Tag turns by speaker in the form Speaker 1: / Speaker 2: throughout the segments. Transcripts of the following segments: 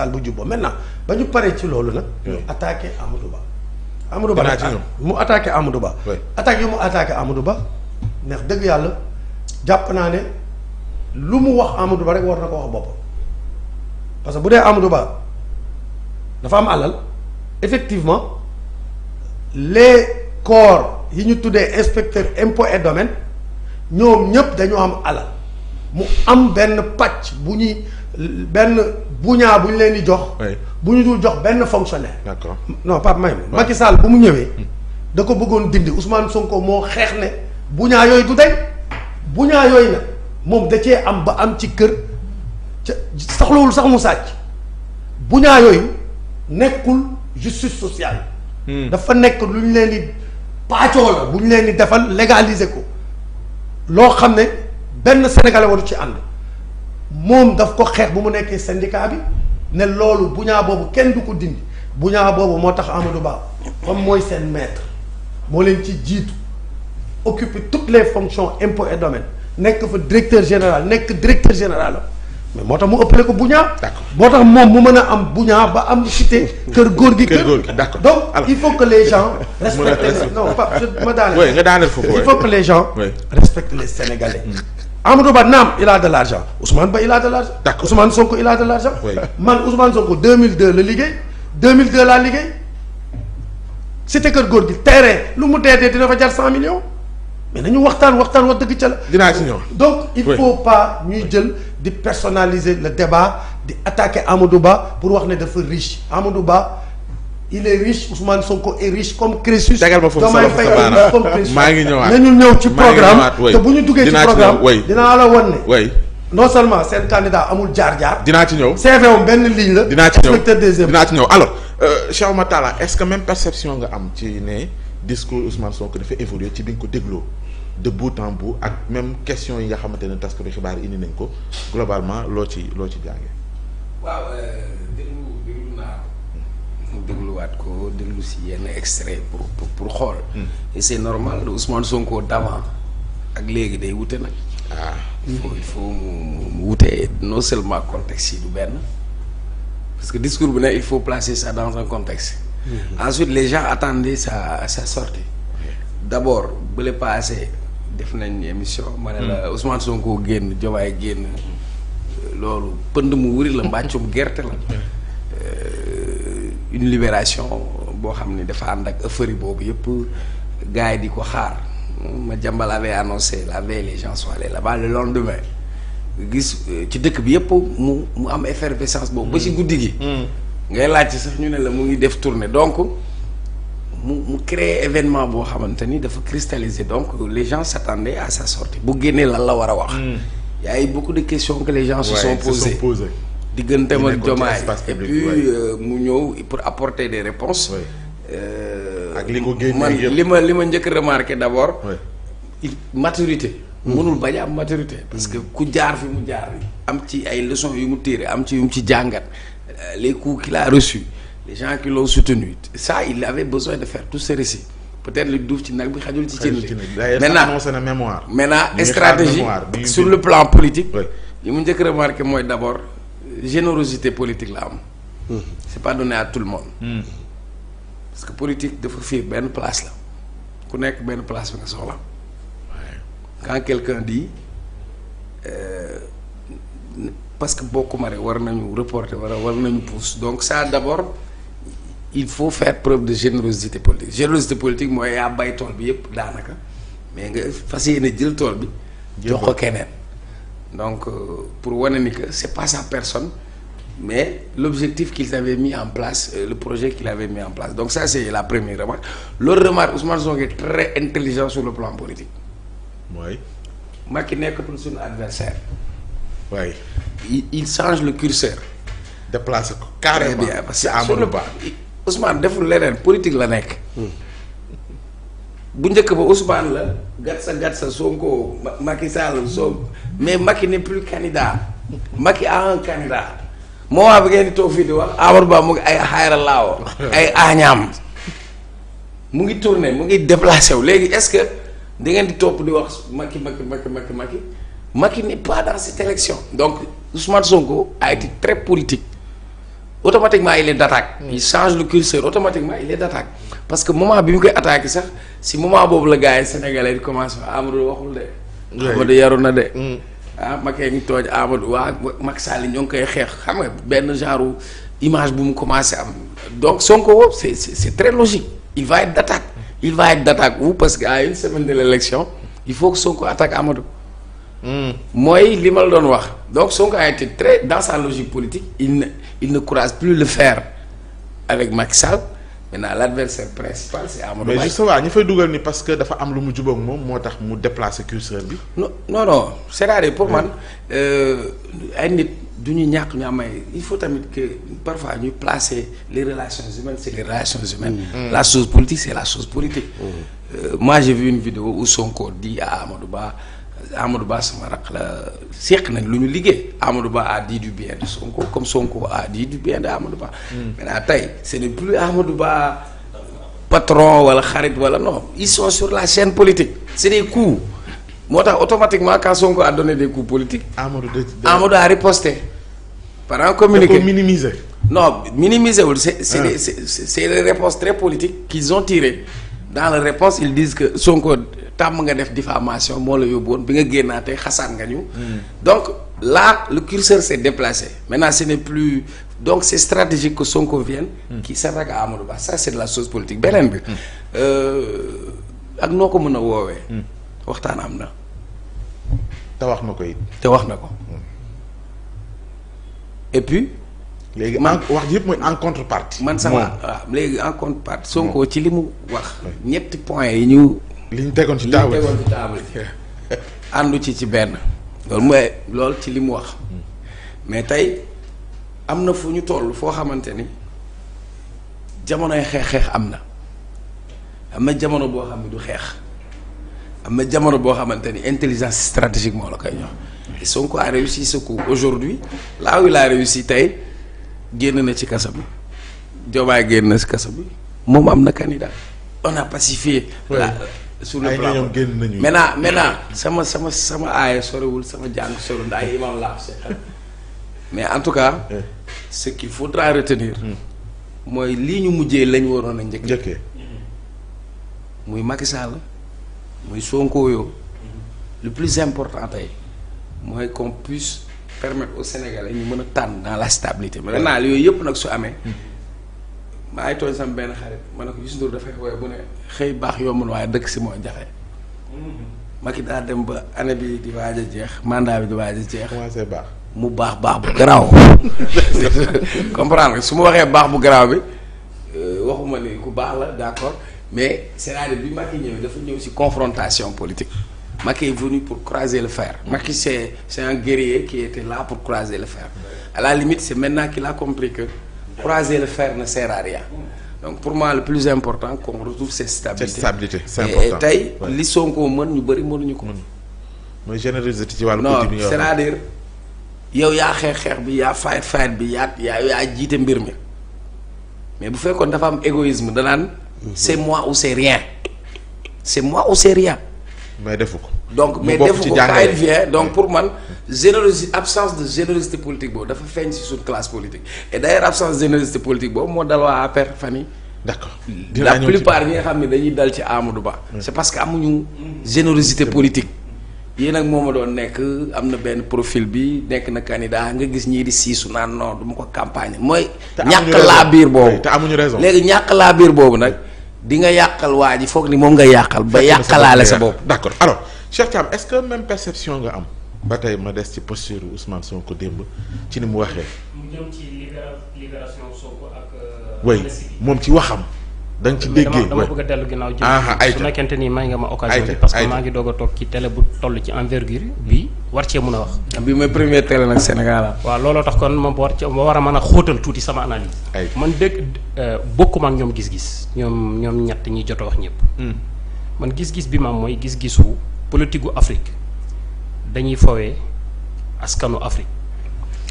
Speaker 1: Sall bu jubbo maintenant ba ñu paree ci loolu nag. ñu attaqué Amadou Ba. Amadou Ba ah, mu attaqué Amadou Ba. attaque yu mu attaqué Amadou Ba ndax dëgg yàlla jàpp naa ne lu mu wax Amadou Ba rek war na ko wax boppam parce que bu dee Amadou Ba dafa am alal effectivement les corps yi ñu tuddee inspecteur impôt et domaine ñoom ñëpp dañoo am alal mu am benn pàcc bu ñuy. benn buñaa bu ñu leen di jox. bu ñu dul jox benn fonctionnaire. d'accord non Pape Mayma. waaw Macky Sall bu mu ñëwee. Hmm. da ko bëggoon dindi Ousmane Sonko moo xeex ne buñaa yooyu du tey buñaa yooyu moom da cee am ba am ci kër ca saxlawul sax mu sàcc buñaa yooyu nekkul justice sociale. Hmm. dafa nekk lu ñu leen di paacoo la bu ñu leen di defal légaliser ko loo xam ne benn sénégalais ci ànd. moom daf ko xeex bu mu nekkee syndicat bi ne loolu bu ñaa boobu kenn du ko dindi bu ñaa boobu moo tax Amadou Ba comme mooy seen maître moo leen ci jiitu occuper toutes les fonctions impôts et domaines nekk fa directeur général nekk directeur général mais moo tax mu ëppale ko bu ñaa moo tax moom mu mën a am bu ñaa ba am cité kër góor gi kër d'accord donc il faut que les gens respectent non pas ma daaneel il faut que les gens respectent les Sénégalais mm. Amadou Ba naam il a de l'argent Ousmane Ba il a de l'argent d'accord Ousmane Sonko il a de l'argent oui. man Ousmane Sonko 2002 la liggéey 2002 laa liggéey cité kër góor gi terrain lu mu dee dee dina fa jar cent millions mais ñu waxtaan waxtaan wax dëgg ca dinaa si ñëw donc il oui. faut pas ñuy jël di personnaliser le débat di attaquer Amadou Ba pour wax ne dafa riche Amadou Ba. il est riche Ousmane Sonko est riche comme Crésus. dagal ma foofu comme Crésus maa ngi ñëwaat nañu ñëw ci programme te bu ñu duggee ci programme dinaa la wan ne. non seulement seen candidat amul jaar-jaar. dinaa ci ñëw CV am benn ligne la. dinaa ci ñëw inspecteur des dinaa ci ñëw alors euh, Cheikh Oumar Talla est-ce que même perception nga am ci ne discours Ousmane Sonko dafa évoluer ci bi nga ko dégloo de bout en ak même question yi nga xamante ne taskatu xibaar indi nañ ko globalement loo ci loo ci jàngee.
Speaker 2: ko déglu si yenn extrait pour pour xool. Hmm. et c' est normal Ousmane Sonko d'avant ak léegi day wute nag. waaw ah. il faut il mu wute non seulement contexte yi du benn parce que discours bu ne il faut placer ça dans un contexte. Mmh. ensuite les gens attendaient sa sa sortie abord bële paase def nañ émission. ma ne la hmm. Ousmane Sonko génn Diomaye génn. loolu pënd mu wuri la mbàccum gerte la. Hmm. une libération boo xam ne dafa ànd ak euphorie boobu yëpp gars yi di ko xaar Madiambal avait annoncé la veille les gens sont allés là-bas le lendemain gis euh, ci dëkk bi yëpp mu mu am effervescence boobu. ba ci mm. guddi gi. Mm. ngay laajte sax ñu ne la mu ngi def tournée donc mu mu créer événement boo xamante ni dafa cristalliser donc les gens s'attendaient à sa sortie bu génnee lan la war a wax. Mm. y a eu beaucoup de question que les gens. Ouais, se sont digganteem ak Diomaye et puis euh, mu ñëw pour apporter des réponses euh, ak li ko génne li ma li ma njëkk remarqué d'abord maturité mm. mënul bañ am maturité parce que ku jaar fi mu jaar am ci ay leçons yu mu téere am ci yu mu ci jàngat euh, les coups qu'il a reçus les gens qui l'ont soutenu ça il avait besoin de faire tout ce récit peut-être lu duuf ci nag bi xajul ci cin li
Speaker 3: maintenant maintenant stratégie sur le
Speaker 2: plan politique li mu njëkk remarqué mooy d'abord générosité politique la am. Hmm. c'est pas donné à tout le monde. Hmm. parce que politique dafa fiir benn place la ku nekk benn place bi nga soxla. quand quelqu'un dit euh, parce que bokkuma rek war nañu reporter war war nañu pousse donc ça d'abord il faut faire preuve de générosité politique générosité politique mooy yaa bay tool bi yépp daanaka mais nga fas yéene jël tool bi jox ko keneen donc euh, pour wane ni que c'est pas sa personne mais l'objectif qu'ils avaient mis en place euh, le projet qu'il avait mis en place donc ça c'est la première remarque l'autre remarque Ousmane Sonko est très intelligent sur le plan politique oui Macky nekkatul suñu adversaire
Speaker 1: oui il, change le curseur déplace ko
Speaker 2: carrément bien parce que Amadou Ba Ousmane deful leneen politique la nekk hmm. bu njëkk ba Ousmane la Gatsa Gatsa Sonko Macky Sall Sonko mais Macky n'est plus candidat Macky a un candidat moment bi ngeen di toog fii di wax Amadou Ba mu ngi ay xayra laawo ay añaam mu ngi tourné mu ngi déplacé wu léegi est-ce que da ngeen di topp di wax Macky Macky Macky Macky Macky Macky n'est pas dans cette élection donc Ousmane Sonko a été très politique automatiquement il est d'attaque. il change le curseur automatiquement il est d'attaque parce que moment bi mu koy attaqué sax si moment boobu la gars yi sénégalais di commencé Amadou waxul de. Amadou yaru na de. Mm. ah Macky ngi tooj ñoo ngi koy xeex xam nga benn genre image bu mu commencé am donc Sonko woowu c'est c'est très logique il va d'attaque il va d'attaque ou parce que à une semaine de l'élection il faut que Sonko attaque Amadou. mooy li ma la doon wax donc Sonko a été très dans sa logique politique il ne il ne courage plus le faire avec Macky Sall maintenant l'adversaire principal c'est Amadou Ba. mais justement
Speaker 1: ñu fay dugal nii parce que dafa am lu mu jubóog moom moo tax mu déplacer curseur bi. non non non cest
Speaker 2: à pour man euh, ay nit du ñu ñàkk ñu am ay il faut tamit que parfois ñu placer les relations humaines c'est les relations humaines. Mmh. la chose politique c'est la chose politique. Mmh. Euh, moi j'ai vu une vidéo où Ba. Amadou Ba sama raq la séq nañ lu ñu liggéey Amadou Ba a dit du bien de Sonko comme Sonko a dit du bien de Amadou Ba. Hmm. maintenant tey ce n'est plus Amadou Ba patron wala xarit wala non ils sont sur la chaine politique c'est des coups moo tax automatiquement quand Sonko a donné
Speaker 1: des coups politiques. Amadou de
Speaker 2: Amadou a riposté. par un communiqué da minimiser. non minimiser wul c'est c'est des ah. c'est des réponses très politiques qu'ils ont tirées dans la réponse ils disent que Sonko. tàmm nga def diffamation moo la yóbbuwoon bi nga génnaatee xasaan nga ñu. Hmm. donc là le curseur s'est déplacé maintenant ce n'est plus donc c'est stratégique que Sonko vienne. Hmm. qui s'attaque à Amadou Ba ça c'est de la chose politique beneen bi. Hmm. Euh, ak noo ko mën a woowee. waxtaan am na. te wax na ko it. te na ko. et puis. léegi wax yëpp mooy en contrepartie. man sama waaw ah, léegi en contrepartie. Sonko ci li mu wax. ñetti points yi ñu. li ñu tegoon ci table li ñu ci àndu ci ci benn. loolu mooy loolu ci li mu wax hmm. mais tey am na fu ñu toll foo xamante ni jamonoy xeex-xeex am na am na jamono boo xam ne du xeex am na jamono boo xamante ni intelligence stratégique moo la koy ñor et réussi ce coup aujourd'hui là où il réussi tey génn na ci kaso bi génn na ci kaso bi moom am na candidat on a pacifié sur le plan génn nañu. maintenant maintenant sama sama sama aaya sorewul sama jàng sorewul ndax ay imam laa mais en tout cas. Eh. ce qu'il faudra retenir. Hmm. mooy lii ñu mujjee lañ waroon a njëkk. njëkkee muy Macky Sall muy Sonko yoo hmm. le plus important tey mooy qu'on puisse permettre aux Sénégalais ñu mën a tànn dans la stabilité maintenant yooyu yëpp nag su amee. Hmm. maa ngi tooñ sama benn xarit man ne ko Youssou Ndour dafay woy bu ne xëy baax yombul waaye dëkk si moo jaxe mm-hmm. Macky daa dem ba année bi di waaj jeex mandat bi di waaj jeex. baax mu baax baax bu garaaw. comprendre nga su ma waxee baax bu garaaw bi euh, waxuma ni ku baax la d'accord mais c'est-à-dire bi Macky ñëw dafa ñëw si confrontation politique. Macky est venu pour croiser le fer. Macky c'est c'est un guerrier qui était là pour croiser le fer. à la limite c'est maintenant qu'il a compris que. croiser le fer ne sert à rien donc pour moi le plus important qu'on retrouve c'est stabilité c'est stabilité c'est important tey li Sonko mën ñu bëri mënuñu ko. mooy générosité ci wàllu. non cest yow yaa xeex xeex bi yaa fayet fayet bi yaa yaa yaa jiite mbir mi mais bu fekkoon dafa am égoïsme danaan. Mhm. c'est mois ou c'est rien c'est mois ou c'est rien. mais defu ko. donc mais defu ko donc pour man. générosité absence de générosité politique boobu dafa feeñ si suñu classe politique et d'ailleurs absence de générosité politique boobu moo dal waa APR fan yi
Speaker 1: d'accord la plupart
Speaker 2: ñi xam ne dañuy dal ci Amadou Ba c'est parce que amuñu générosité politique yéen nag moo ma doon nekk am na benn profil bi nekk na daa nga gis ñii di siisu naan non du ma ko campagne mooy ñàkk laa biir boobu te amuñu raison léegi ñàkk laa biir boobu nag di nga yàqal waa ji foog ni moom nga yàqal ba yàqalaale sa bopp d'accord
Speaker 1: alors Cheikh Thiam est-ce que même perception nga am ba tey ma des ci posture Ousmane Sonko démb ci ni mu waxee.
Speaker 3: mu ci libération Sonko euh,
Speaker 1: moom ci waxam. da nga ci déggee dama bëgg a dellu ginnaaw jëm su
Speaker 3: nekkente ni may nga ma occasion bi parce que maa ngi doog a toog ci télé bu toll ci envergure bi war cee mën a wax
Speaker 2: ah, bi mooy première télé nag Sénégal
Speaker 3: waaw looloo tax kon moom war cee ma war a mën a xóotal tuuti sama analyse man dégg euh, bokkuma ak ñoom gis-gis ñoom ñoom ñett ñi jot a wax ñëpp hmm. man gis-gis bi ma mooy gis-gisu politique gu Afrique dañuy fowee askanu Afrique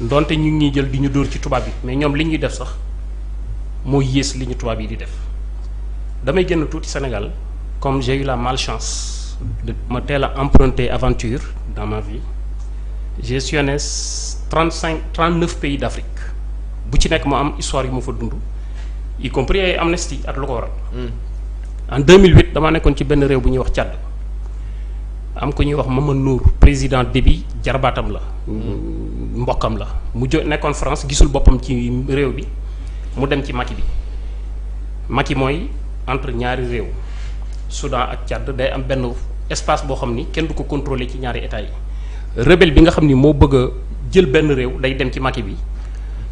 Speaker 3: ndonte ñu ngi ñuy jël di ñu dóor ci tubaab yi mais ñoom li ñuy def sax moo yées li ñu tubaab yi di def damay génn tuuti Sénégal comme j'ai la malchance de ma teel a emprunter aventure dans ma vie j'ai sillonné trente cinq trente neuf pays d'Afrique bu ci nekk mu am histoire yu mu fa dund y compris ay amnistie ak lu ko waral hmm. en 2008 damaa nekkoon ci benn réew bu ñuy wax Tchad am ko ñuy wax Mamadou Nour président Déby jarbaatam la mbokkam la mu jo nekkoon France gisul boppam ci réew bi mu dem ci Maki bi Maki mooy entre ñaari réew Soudan ak Tchad day am benn espace boo xam ni kenn du ko contrôler ci ñaari état yi rebelle bi nga xam ni moo bëgg jël benn réew day dem ci Maki bi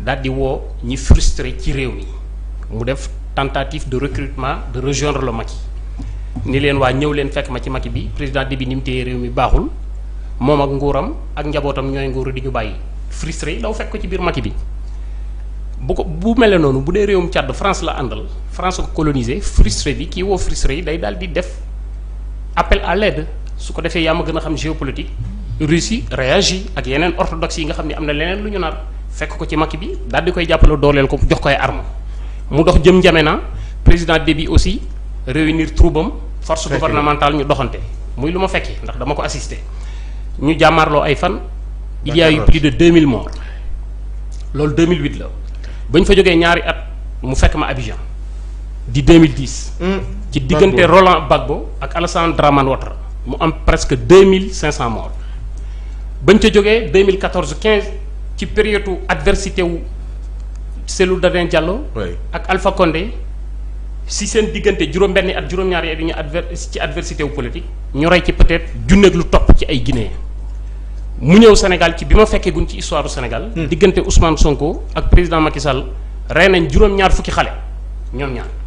Speaker 3: daal di woo ñi frustré ci réew mi mu def tentative de recrutement de rejoindre le Maki ni leen waa ñëw leen fekk ma ci Macky bi président Déby ni mu téye réew mi baaxul moom ak nguuram ak njabootam ñooy nguur di ñu bàyyi frustré yi daw fekk ko ci biir Macky bi bu ko bu mele noonu bu dee réewum Tchad France la àndal France ko colonisé frustré bi kii woo frustré yi day daal di def appel à l'aide su ko defee yaa ma gën a xam géopolitique Russie réagit ak yeneen orthodoxe yi nga xam ne am na leneen lu ñu nar fekk ko ci Macky bi daal di koy jàppale dooleel ko jox koy arme mu dox jëm N'Djamena président Déby aussi réunir troubam force gouvernementale ñu doxante muy lu ma fekkee ndax dama ko assister ñu jàmmaarloo ay fan il y a eu plus de 2000 morts loolu 2008 la ba ñu fa jógee ñaari at mu fekk ma Abidjan di 2010 hmm. ci diggante Roland Gbagbo ak Alassane Dramane Ouattara mu am presque deux mille cinq 2500 morts bañ ca jógee 2014 15 ci période adversité wu Cellou Dalein Diallo ak Alpha Condé si seen diggante juróom-benni at juróom-ñaari at yi ñu ci adversité wu politique ñu rey ci peut-être junneeg lu topp ci ay Guinéens mu ñëw Sénégal ci bi ma fekkee guñ ci histoire du hmm. diggante Ousmane Sonko ak président Macky Sall rey nañ juróom-ñaar fukki xale ñoom ñaar.